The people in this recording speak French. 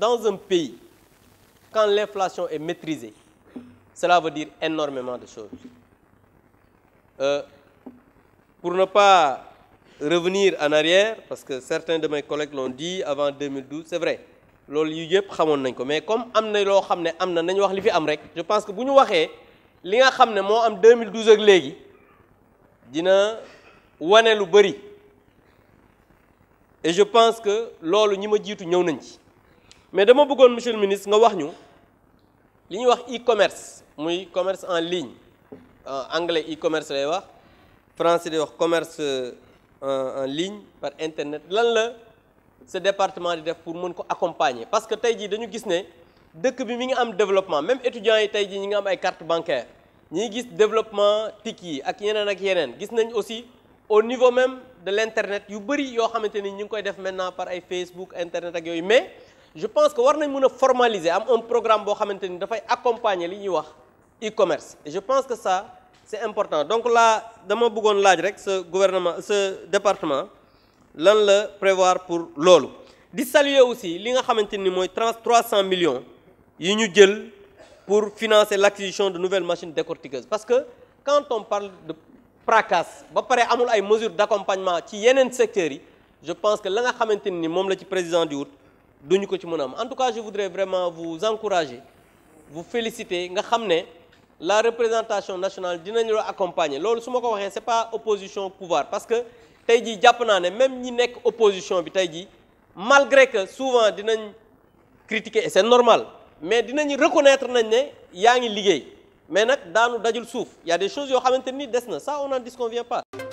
dans un pays, quand l'inflation est maîtrisée, cela veut dire énormément de choses. Euh, pour ne pas revenir en arrière, parce que certains de mes collègues l'ont dit avant 2012, c'est vrai. loolu yu que nous avons mais comme am na loo xam ne nous je pense que si nous waxee li nga am 2012 ak dina wané lu et je pense que c'est ce mais dama bëggoon monsieur le ministre nous avons ñu que e-commerce le commerce en ligne en anglais e-commerce En français di commerce euh, en ligne par internet lan ce département di pour mën ko accompagner parce que nous avons dañu que dès que bi mi développement même étudiants ont des cartes ñi nga am ay carte bancaire ñi avons développement Tiki, ak yeneen ak aussi au niveau même de l'Internet, nous yu bëri yoo xamante ni maintenant par Facebook internet mais je pense que nous devons formaliser un programme qui accompagne le accompagner e-commerce et je pense que ça c'est important donc là je bëggoon laaj rek ce gouvernement ce département lan le prévoir pour l'au-l'eau. di saluer aussi li nga xamante millions yi pour financer l'acquisition de nouvelles machines décortiqueuses parce que quand on parle de fracas, ba y amul ay mesures d'accompagnement ci dans secteurs secteur, je pense que la nga xamante le président du en tout cas je voudrais vraiment vous encourager vous féliciter nga la représentation nationale vous la accompagner Ce n'est pas pas opposition pouvoir parce que même jii jàpp même ñi opposition malgré que souvent vous critiquer et c'est normal mais vous reconnaître que vous êtes lié. liggéey mais dans daanu dajul il y a des choses qui sont des na ça on n'en disconvient pas